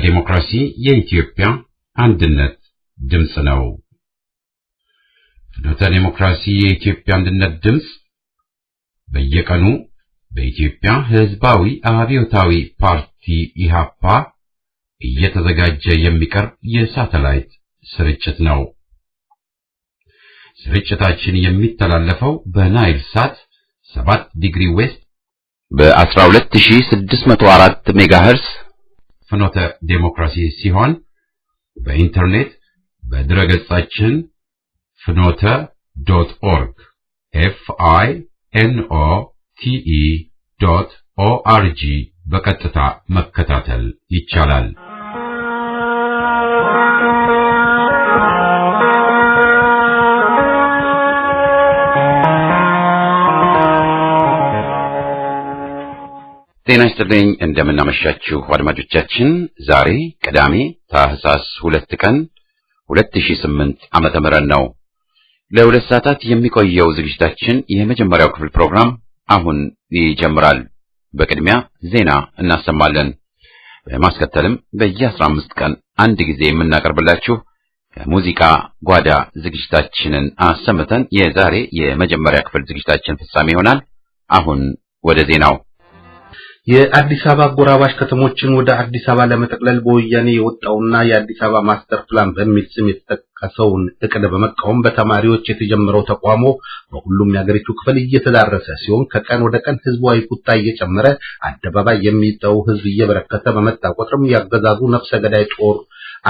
ለዲሞክራሲ የኢትዮጵያ አንድነት ድምፅ ነው። ፍኖተ ዲሞክራሲ የኢትዮጵያ አንድነት ድምፅ በየቀኑ በኢትዮጵያ ሕዝባዊ አብዮታዊ ፓርቲ ኢሃፓ እየተዘጋጀ የሚቀርብ የሳተላይት ስርጭት ነው። ስርጭታችን የሚተላለፈው በናይል ሳት 7 ዲግሪ ዌስት በ12604 ሜጋሄርስ ፍኖተ ዴሞክራሲ ሲሆን በኢንተርኔት በድረገጻችን ፍኖተ ዶት ኦርግ ኤፍ አይ ኤን ኦ ቲ ኢ ዶት ኦ አር ጂ በቀጥታ መከታተል ይቻላል። ጤና ይስጥልኝ እንደምናመሻችሁ አድማጮቻችን። ዛሬ ቅዳሜ ታህሳስ ሁለት ቀን 2008 ዓመተ ምህረት ነው። ለሁለት ሰዓታት የሚቆየው ዝግጅታችን የመጀመሪያው ክፍል ፕሮግራም አሁን ይጀምራል። በቅድሚያ ዜና እናሰማለን። በማስከተልም በየ15 ቀን አንድ ጊዜ የምናቀርብላችሁ ከሙዚቃ ጓዳ ዝግጅታችንን አሰምተን የዛሬ የመጀመሪያ ክፍል ዝግጅታችን ፍጻሜ ይሆናል። አሁን ወደ ዜናው የአዲስ አበባ አጎራባሽ ከተሞችን ወደ አዲስ አበባ ለመጠቅለል በወያኔ የወጣውና የአዲስ አበባ ማስተር ፕላን በሚል ስም የተጠቀሰውን እቅድ በመቃወም በተማሪዎች የተጀመረው ተቋሞ በሁሉም የአገሪቱ ክፍል እየተዳረሰ ሲሆን ከቀን ወደ ቀን ህዝባዊ ቁጣ እየጨመረ አደባባይ የሚጠው ህዝብ እየበረከተ በመጣ ቁጥርም ያገዛዙ ነፍሰ ገዳይ ጦር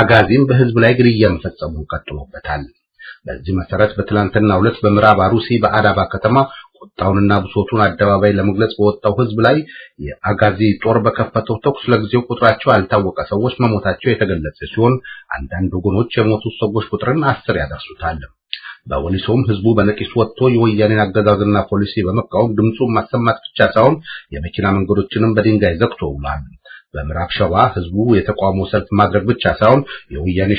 አጋዚም በህዝብ ላይ ግድያ መፈጸሙን ቀጥሎበታል። በዚህ መሰረት በትላንትና ሁለት በምዕራብ አሩሲ በአዳባ ከተማ ቁጣውንና ብሶቱን አደባባይ ለመግለጽ በወጣው ህዝብ ላይ የአጋዚ ጦር በከፈተው ተኩስ ለጊዜው ቁጥራቸው ያልታወቀ ሰዎች መሞታቸው የተገለጸ ሲሆን አንዳንድ ወገኖች የሞቱት ሰዎች ቁጥርን አስር ያደርሱታል። በወሊሶም ህዝቡ በነቂስ ወጥቶ የወያኔን አገዛዝና ፖሊሲ በመቃወም ድምፁን ማሰማት ብቻ ሳይሆን የመኪና መንገዶችንም በድንጋይ ዘግቶ ውሏል። በምዕራብ ሸዋ ህዝቡ የተቃውሞ ሰልፍ ማድረግ ብቻ ሳይሆን የወያኔ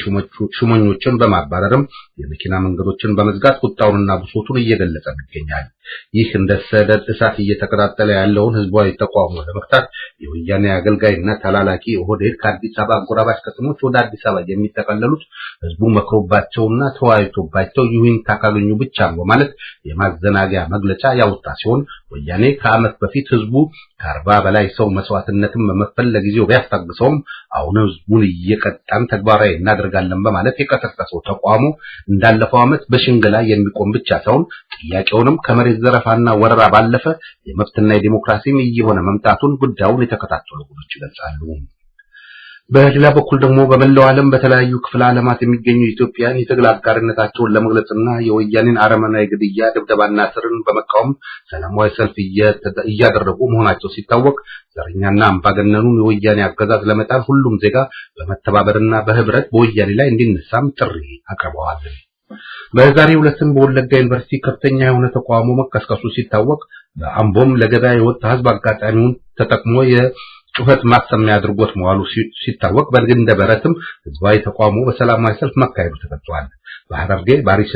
ሹመኞችን በማባረርም የመኪና መንገዶችን በመዝጋት ቁጣውንና ብሶቱን እየገለጸ ይገኛል። ይህ እንደ ሰደድ እሳት እየተቀጣጠለ ያለውን ህዝባዊ ተቃውሞ ለመክታት የወያኔ አገልጋይና ተላላኪ ኦህዴድ ከአዲስ አበባ አጎራባች ከተሞች ወደ አዲስ አበባ የሚጠቀለሉት ህዝቡ መክሮባቸውና ተወያይቶባቸው ይሁንታ ካገኙ ብቻ ነው በማለት የማዘናጊያ መግለጫ ያወጣ ሲሆን ወያኔ ከዓመት በፊት ህዝቡ ከአርባ በላይ ሰው መስዋዕትነትን መመፈል ለጊዜው ቢያስታግሰውም አሁን ህዝቡን እየቀጣን ተግባራዊ እናደርጋለን በማለት የቀሰቀሰው ተቋሙ እንዳለፈው ዓመት በሽንገላ የሚቆም ብቻ ሳይሆን ጥያቄውንም ከመሬት ዘረፋና ወረራ ባለፈ የመብትና የዲሞክራሲም እየሆነ መምጣቱን ጉዳዩን የተከታተሉ ቡድኖች ይገልጻሉ። በሌላ በኩል ደግሞ በመላው ዓለም በተለያዩ ክፍለ ዓለማት የሚገኙ ኢትዮጵያን የትግል አጋርነታቸውን ለመግለጽና የወያኔን አረመናዊ ግድያ፣ ድብደባና ስርን በመቃወም ሰላማዊ ሰልፍ እያደረጉ መሆናቸው ሲታወቅ ዘረኛና አምባገነኑን የወያኔ አገዛዝ ለመጣል ሁሉም ዜጋ በመተባበርና በህብረት በወያኔ ላይ እንዲነሳም ጥሪ አቅርበዋል። በዛሬ ሁለትም በወለጋ ዩኒቨርሲቲ ከፍተኛ የሆነ ተቃውሞ መቀስቀሱ ሲታወቅ በአምቦም ለገበያ የወጣ ህዝብ አጋጣሚውን ተጠቅሞ ጩኸት ማሰማያ አድርጎት መዋሉ ሲታወቅ በግንደ በረትም ህዝባዊ ተቃውሞ በሰላማዊ ሰልፍ መካሄዱ ተገልጿል። በሐረርጌ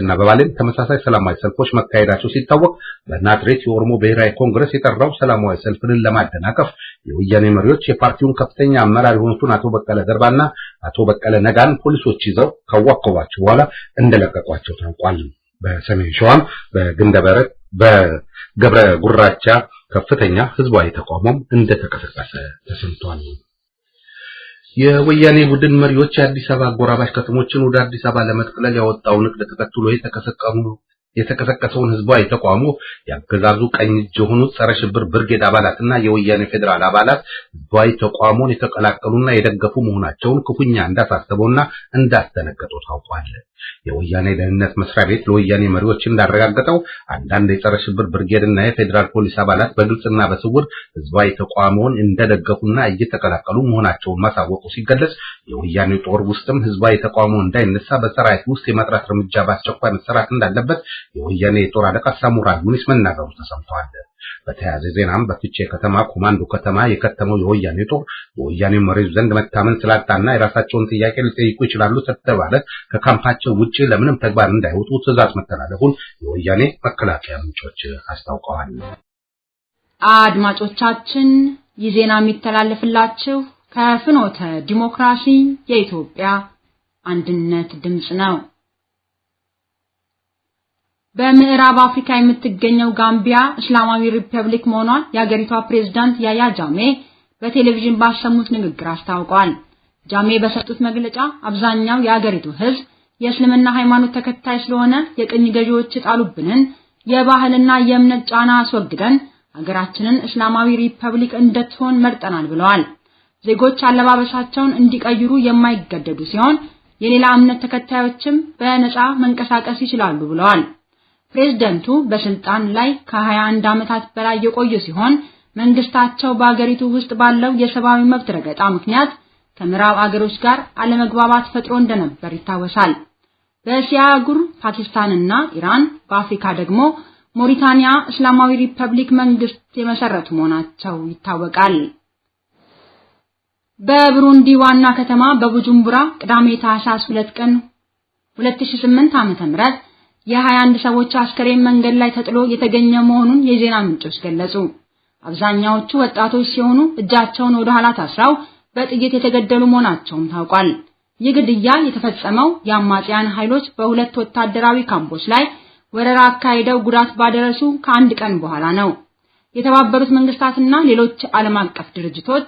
እና በባሌም ተመሳሳይ ሰላማዊ ሰልፎች መካሄዳቸው ሲታወቅ በናትሬት የኦሮሞ ብሔራዊ ኮንግረስ የጠራው ሰላማዊ ሰልፍን ለማደናቀፍ የወያኔ መሪዎች የፓርቲውን ከፍተኛ አመራር የሆኑትን አቶ በቀለ ገርባና አቶ በቀለ ነጋን ፖሊሶች ይዘው ካዋከቧቸው በኋላ እንደለቀቋቸው ታውቋል። በሰሜን ሸዋም በግንደበረት በገብረ ጉራቻ ከፍተኛ ህዝባዊ ተቃውሞም እንደተቀሰቀሰ ተሰምቷል። የወያኔ ቡድን መሪዎች የአዲስ አበባ አጎራባች ከተሞችን ወደ አዲስ አበባ ለመጠቅለል ያወጣውን እቅድ ተከትሎ የተቀሰቀሱ የተቀሰቀሰውን ህዝባዊ ተቋሙ ያገዛዙ ቀኝ እጅ የሆኑ ጸረ ሽብር ብርጌድ አባላትና የወያኔ ፌዴራል አባላት ህዝባዊ ተቋሙን የተቀላቀሉና የደገፉ መሆናቸውን ክፉኛ እንዳሳሰበውና እንዳስደነገጠው ታውቋል። የወያኔ ደህንነት መስሪያ ቤት ለወያኔ መሪዎች እንዳረጋገጠው አንዳንድ የጸረ ሽብር ብርጌድና የፌዴራል ፖሊስ አባላት በግልጽና በስውር ህዝባዊ ተቋሙን እንደደገፉና እየተቀላቀሉ መሆናቸውን ማሳወቁ ሲገለጽ፣ የወያኔ ጦር ውስጥም ህዝባዊ ተቋሙ እንዳይነሳ በሰራዊት ውስጥ የማጥራት እርምጃ በአስቸኳይ መሰራት እንዳለበት የወያኔ የጦር አለቃ ሳሙራ ዩኒስ መናገሩ ተሰምተዋል። በተያያዘ ዜናም በፍቼ ከተማ ኮማንዶ ከተማ የከተመው የወያኔ ጦር በወያኔ መሪው ዘንድ መታመን ስላጣና የራሳቸውን ጥያቄ ሊጠይቁ ይችላሉ ስለተባለ ከካምፓቸው ውጪ ለምንም ተግባር እንዳይወጡ ትዕዛዝ መተላለፉን የወያኔ መከላከያ ምንጮች አስታውቀዋል። አድማጮቻችን ይህ ዜና የሚተላለፍላችሁ ከፍኖተ ዲሞክራሲ የኢትዮጵያ አንድነት ድምፅ ነው። በምዕራብ አፍሪካ የምትገኘው ጋምቢያ እስላማዊ ሪፐብሊክ መሆኗን የአገሪቷ ፕሬዝዳንት ያያ ጃሜ በቴሌቪዥን ባሰሙት ንግግር አስታውቋል። ጃሜ በሰጡት መግለጫ አብዛኛው የአገሪቱ ሕዝብ የእስልምና ሃይማኖት ተከታይ ስለሆነ የቅኝ ገዢዎች ጣሉብንን የባህልና የእምነት ጫና አስወግደን አገራችንን እስላማዊ ሪፐብሊክ እንድትሆን መርጠናል ብለዋል። ዜጎች አለባበሳቸውን እንዲቀይሩ የማይገደዱ ሲሆን የሌላ እምነት ተከታዮችም በነፃ መንቀሳቀስ ይችላሉ ብለዋል። ፕሬዝደንቱ በስልጣን ላይ ከ21 ዓመታት በላይ የቆዩ ሲሆን መንግስታቸው በአገሪቱ ውስጥ ባለው የሰብአዊ መብት ረገጣ ምክንያት ከምዕራብ አገሮች ጋር አለመግባባት ፈጥሮ እንደነበር ይታወሳል። በእስያ አህጉር ፓኪስታንና ኢራን፣ በአፍሪካ ደግሞ ሞሪታኒያ እስላማዊ ሪፐብሊክ መንግስት የመሰረቱ መሆናቸው ይታወቃል። በብሩንዲ ዋና ከተማ በቡጁምቡራ ቅዳሜ ታህሳስ 2 ቀን 2008 ዓ.ም የ21 ሰዎች አስከሬን መንገድ ላይ ተጥሎ የተገኘ መሆኑን የዜና ምንጮች ገለጹ። አብዛኛዎቹ ወጣቶች ሲሆኑ እጃቸውን ወደ ኋላ ታስረው በጥይት የተገደሉ መሆናቸውም ታውቋል። ይህ ግድያ የተፈጸመው የአማጽያን ኃይሎች በሁለት ወታደራዊ ካምፖች ላይ ወረራ አካሂደው ጉዳት ባደረሱ ከአንድ ቀን በኋላ ነው። የተባበሩት መንግስታትና ሌሎች ዓለም አቀፍ ድርጅቶች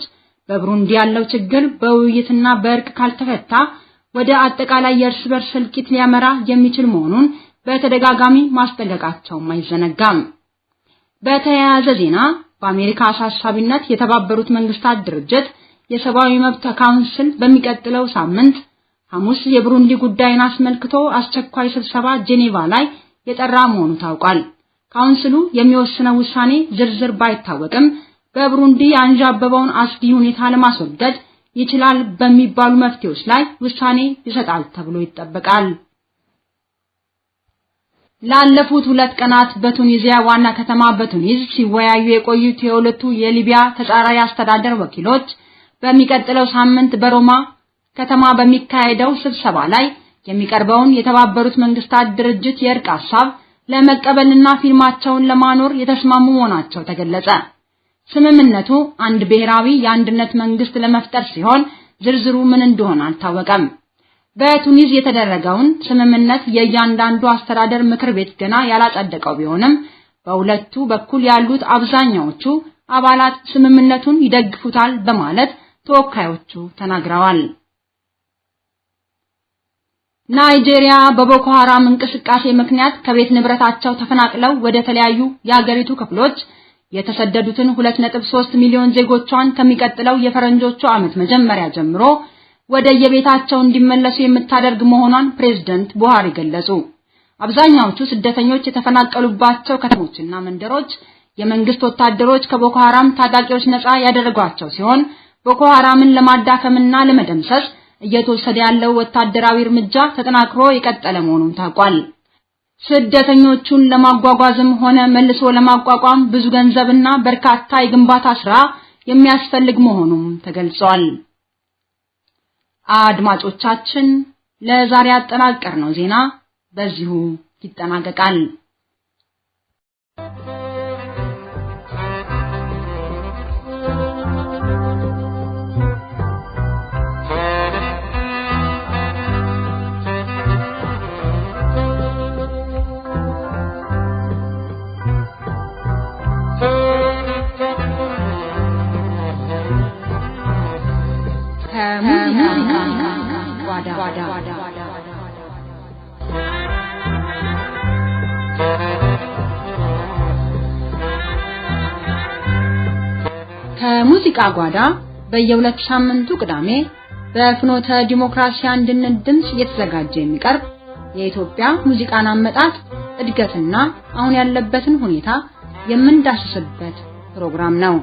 በብሩንዲ ያለው ችግር በውይይትና በእርቅ ካልተፈታ ወደ አጠቃላይ የእርስ በርስ እልቂት ሊያመራ የሚችል መሆኑን በተደጋጋሚ ማስጠንቀቃቸውም አይዘነጋም። በተያያዘ ዜና በአሜሪካ አሳሳቢነት የተባበሩት መንግስታት ድርጅት የሰብአዊ መብት ካውንስል በሚቀጥለው ሳምንት ሐሙስ የብሩንዲ ጉዳይን አስመልክቶ አስቸኳይ ስብሰባ ጄኔቫ ላይ የጠራ መሆኑ ታውቋል። ካውንስሉ የሚወስነው ውሳኔ ዝርዝር ባይታወቅም በብሩንዲ አንዣበበውን አስጊ ሁኔታ ለማስወገድ ይችላል በሚባሉ መፍትሄዎች ላይ ውሳኔ ይሰጣል ተብሎ ይጠበቃል። ላለፉት ሁለት ቀናት በቱኒዚያ ዋና ከተማ በቱኒዝ ሲወያዩ የቆዩት የሁለቱ የሊቢያ ተጻራሪ አስተዳደር ወኪሎች በሚቀጥለው ሳምንት በሮማ ከተማ በሚካሄደው ስብሰባ ላይ የሚቀርበውን የተባበሩት መንግስታት ድርጅት የእርቅ ሐሳብ ለመቀበልና ፊርማቸውን ለማኖር የተስማሙ መሆናቸው ተገለጸ። ስምምነቱ አንድ ብሔራዊ የአንድነት መንግስት ለመፍጠር ሲሆን ዝርዝሩ ምን እንደሆነ አልታወቀም። በቱኒዝ የተደረገውን ስምምነት የእያንዳንዱ አስተዳደር ምክር ቤት ገና ያላጸደቀው ቢሆንም በሁለቱ በኩል ያሉት አብዛኛዎቹ አባላት ስምምነቱን ይደግፉታል በማለት ተወካዮቹ ተናግረዋል። ናይጄሪያ በቦኮ ሐራም እንቅስቃሴ ምክንያት ከቤት ንብረታቸው ተፈናቅለው ወደ ተለያዩ የአገሪቱ ክፍሎች የተሰደዱትን 2.3 ሚሊዮን ዜጎቿን ከሚቀጥለው የፈረንጆቹ ዓመት መጀመሪያ ጀምሮ ወደ የቤታቸው እንዲመለሱ የምታደርግ መሆኗን ፕሬዝደንት ቡሃሪ ገለጹ። አብዛኛዎቹ ስደተኞች የተፈናቀሉባቸው ከተሞችና መንደሮች የመንግስት ወታደሮች ከቦኮ ሐራም ታጣቂዎች ነፃ ያደረጓቸው ሲሆን ቦኮ ሐራምን ለማዳከምና ለመደምሰስ እየተወሰደ ያለው ወታደራዊ እርምጃ ተጠናክሮ የቀጠለ መሆኑን ታውቋል። ስደተኞቹን ለማጓጓዝም ሆነ መልሶ ለማቋቋም ብዙ ገንዘብና በርካታ የግንባታ ስራ የሚያስፈልግ መሆኑም ተገልጿል። አድማጮቻችን ለዛሬ ያጠናቀርነው ዜና በዚሁ ይጠናቀቃል። የሙዚቃ ጓዳ በየሁለት ሳምንቱ ቅዳሜ በፍኖተ ዲሞክራሲ አንድነት ድምፅ እየተዘጋጀ የሚቀርብ የኢትዮጵያ ሙዚቃን አመጣጥ እድገትና አሁን ያለበትን ሁኔታ የምንዳስስበት ፕሮግራም ነው።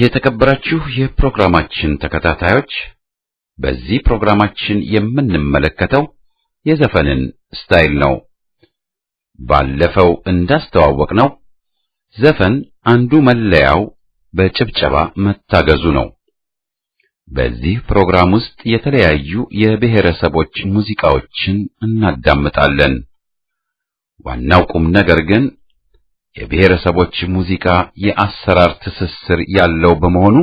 የተከበራችሁ የፕሮግራማችን ተከታታዮች በዚህ ፕሮግራማችን የምንመለከተው የዘፈንን ስታይል ነው። ባለፈው እንዳስተዋወቅ ነው ዘፈን አንዱ መለያው በጭብጨባ መታገዙ ነው። በዚህ ፕሮግራም ውስጥ የተለያዩ የብሔረሰቦች ሙዚቃዎችን እናዳምጣለን። ዋናው ቁም ነገር ግን የብሔረሰቦች ሙዚቃ የአሰራር ትስስር ያለው በመሆኑ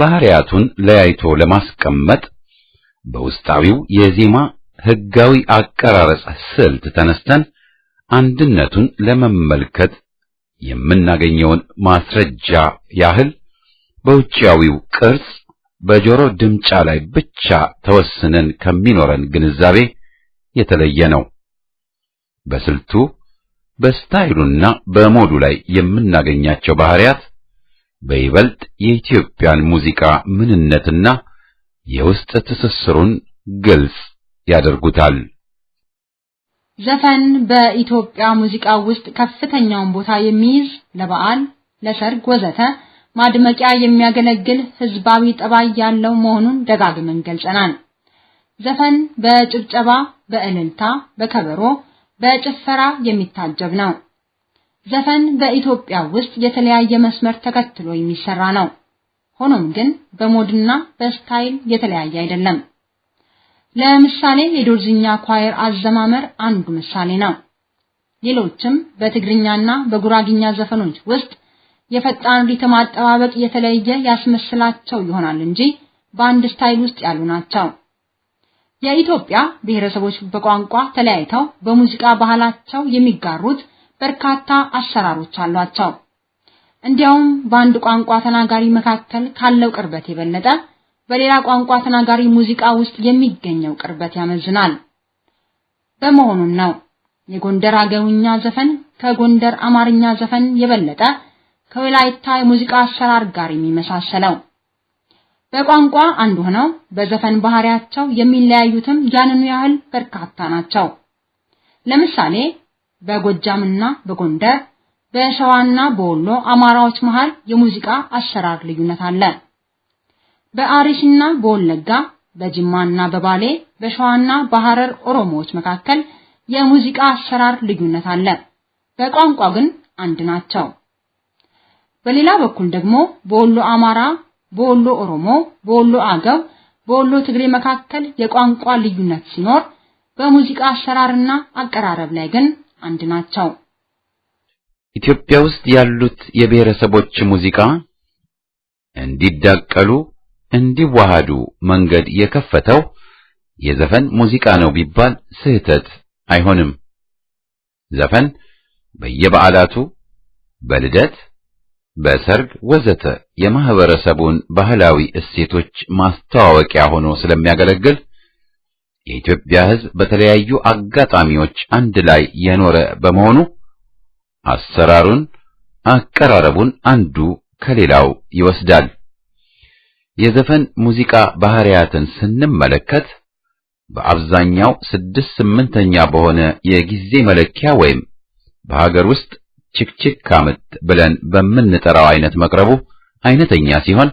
ባህሪያቱን ለያይቶ ለማስቀመጥ በውስጣዊው የዜማ ሕጋዊ አቀራረጽ ስልት ተነስተን አንድነቱን ለመመልከት የምናገኘውን ማስረጃ ያህል በውጫዊው ቅርጽ በጆሮ ድምጫ ላይ ብቻ ተወስነን ከሚኖረን ግንዛቤ የተለየ ነው። በስልቱ በስታይሉና በሞዱ ላይ የምናገኛቸው ባህሪያት በይበልጥ የኢትዮጵያን ሙዚቃ ምንነትና የውስጥ ትስስሩን ግልጽ ያደርጉታል። ዘፈን በኢትዮጵያ ሙዚቃ ውስጥ ከፍተኛውን ቦታ የሚይዝ ለበዓል፣ ለሰርግ ወዘተ ማድመቂያ የሚያገለግል ህዝባዊ ጠባይ ያለው መሆኑን ደጋግመን ገልጸናል። ዘፈን በጭብጨባ፣ በእልልታ፣ በከበሮ በጭፈራ የሚታጀብ ነው። ዘፈን በኢትዮጵያ ውስጥ የተለያየ መስመር ተከትሎ የሚሰራ ነው። ሆኖም ግን በሞድና በስታይል የተለያየ አይደለም። ለምሳሌ የዶርዝኛ ኳየር አዘማመር አንዱ ምሳሌ ነው። ሌሎችም በትግርኛና በጉራግኛ ዘፈኖች ውስጥ የፈጣን ሪትም አጠባበቅ የተለየ ያስመስላቸው ይሆናል እንጂ በአንድ ስታይል ውስጥ ያሉ ናቸው። የኢትዮጵያ ብሔረሰቦች በቋንቋ ተለያይተው በሙዚቃ ባህላቸው የሚጋሩት በርካታ አሰራሮች አሏቸው። እንዲያውም በአንድ ቋንቋ ተናጋሪ መካከል ካለው ቅርበት የበለጠ በሌላ ቋንቋ ተናጋሪ ሙዚቃ ውስጥ የሚገኘው ቅርበት ያመዝናል። በመሆኑም ነው የጎንደር አገውኛ ዘፈን ከጎንደር አማርኛ ዘፈን የበለጠ ከወላይታ የሙዚቃ አሰራር ጋር የሚመሳሰለው። በቋንቋ አንድ ሆነው በዘፈን ባህሪያቸው የሚለያዩትም ያንኑ ያህል በርካታ ናቸው። ለምሳሌ በጎጃምና በጎንደር በሸዋና በወሎ አማራዎች መሃል የሙዚቃ አሰራር ልዩነት አለ። በአሪሽና በወለጋ በጅማና በባሌ በሸዋና በሐረር ኦሮሞዎች መካከል የሙዚቃ አሰራር ልዩነት አለ። በቋንቋ ግን አንድ ናቸው። በሌላ በኩል ደግሞ በወሎ አማራ በወሎ ኦሮሞ፣ በወሎ አገው፣ በወሎ ትግሬ መካከል የቋንቋ ልዩነት ሲኖር በሙዚቃ አሰራርና አቀራረብ ላይ ግን አንድ ናቸው። ኢትዮጵያ ውስጥ ያሉት የብሔረሰቦች ሙዚቃ እንዲዳቀሉ እንዲዋሃዱ መንገድ የከፈተው የዘፈን ሙዚቃ ነው ቢባል ስህተት አይሆንም። ዘፈን በየበዓላቱ፣ በልደት፣ በሰርግ ወዘተ የማህበረሰቡን ባህላዊ እሴቶች ማስተዋወቂያ ሆኖ ስለሚያገለግል የኢትዮጵያ ሕዝብ በተለያዩ አጋጣሚዎች አንድ ላይ የኖረ በመሆኑ አሰራሩን፣ አቀራረቡን አንዱ ከሌላው ይወስዳል። የዘፈን ሙዚቃ ባህሪያትን ስንመለከት በአብዛኛው ስድስት ስምንተኛ በሆነ የጊዜ መለኪያ ወይም በሀገር ውስጥ ችክችክ ምት ብለን በምንጠራው አይነት መቅረቡ አይነተኛ ሲሆን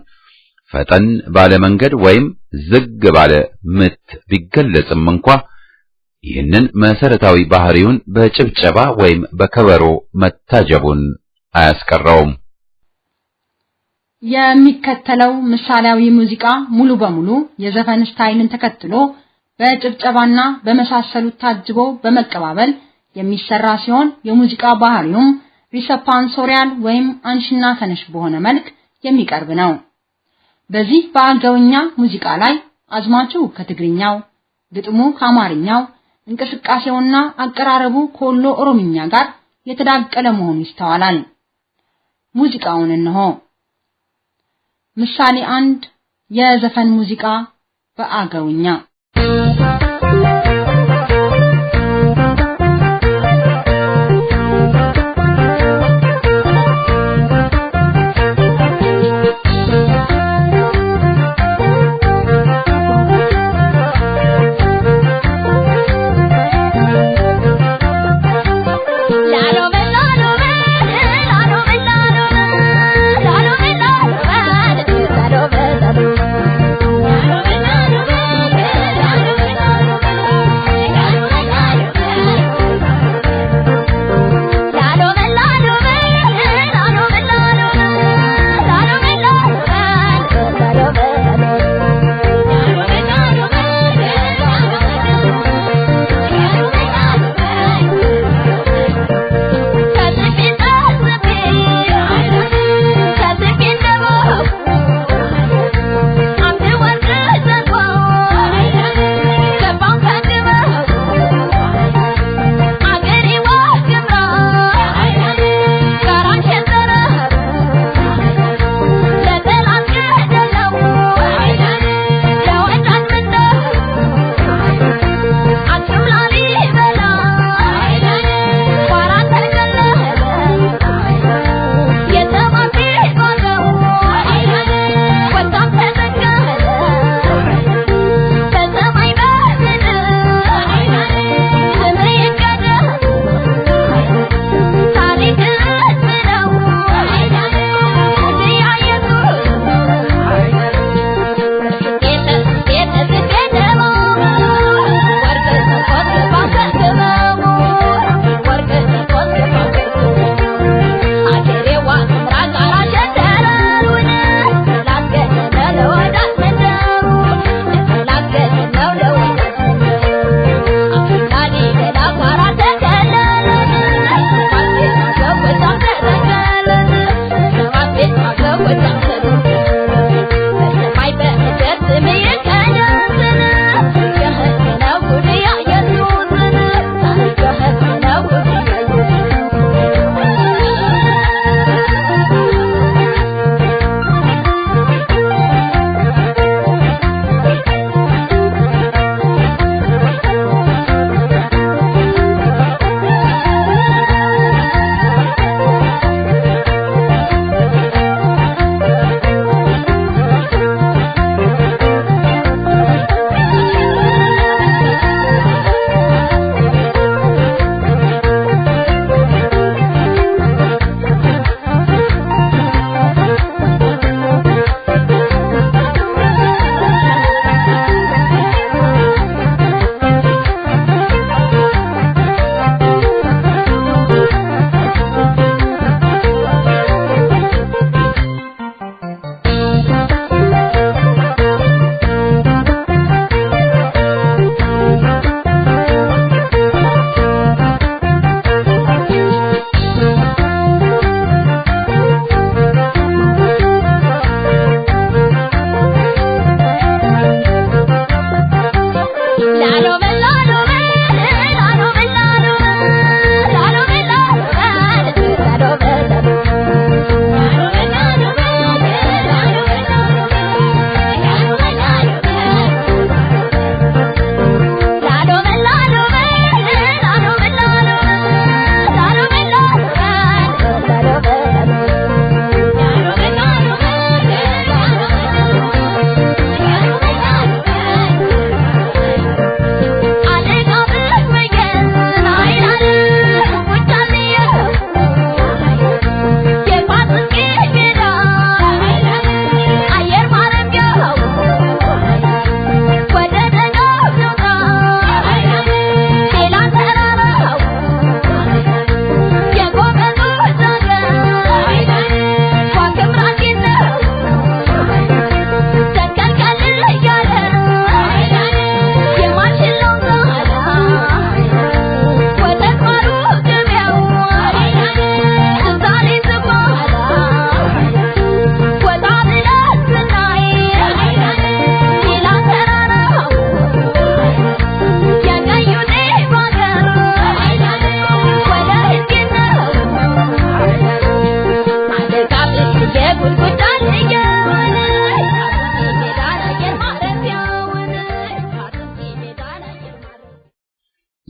ፈጠን ባለ መንገድ ወይም ዝግ ባለ ምት ቢገለጽም እንኳ ይህንን መሰረታዊ ባህሪውን በጭብጨባ ወይም በከበሮ መታጀቡን አያስቀረውም። የሚከተለው ምሳሌያዊ ሙዚቃ ሙሉ በሙሉ የዘፈን ስታይልን ተከትሎ በጭብጨባና በመሳሰሉት ታጅቦ በመቀባበል የሚሰራ ሲሆን የሙዚቃ ባህሪውም ሪሰፓንሶሪያል ወይም አንሽና ተነሽ በሆነ መልክ የሚቀርብ ነው። በዚህ በአገውኛ ሙዚቃ ላይ አዝማቹ ከትግርኛው፣ ግጥሙ ከአማርኛው፣ እንቅስቃሴውና አቀራረቡ ከወሎ ኦሮምኛ ጋር የተዳቀለ መሆኑ ይስተዋላል። ሙዚቃውን እንሆ። ምሳሌ አንድ የዘፈን ሙዚቃ በአገውኛ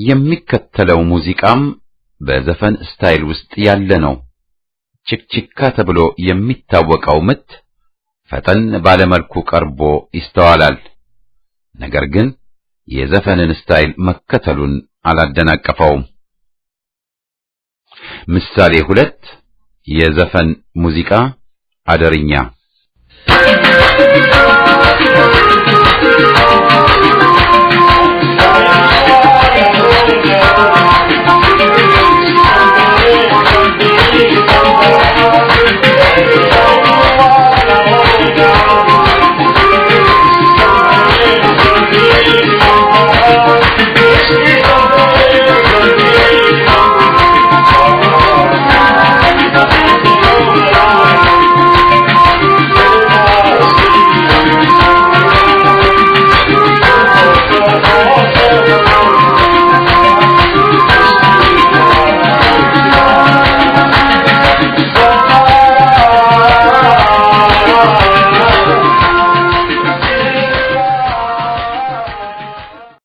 የሚከተለው ሙዚቃም በዘፈን ስታይል ውስጥ ያለ ነው። ችክችካ ተብሎ የሚታወቀው ምት ፈጠን ባለመልኩ ቀርቦ ይስተዋላል። ነገር ግን የዘፈንን ስታይል መከተሉን አላደናቀፈውም። ምሳሌ ሁለት የዘፈን ሙዚቃ አደርኛ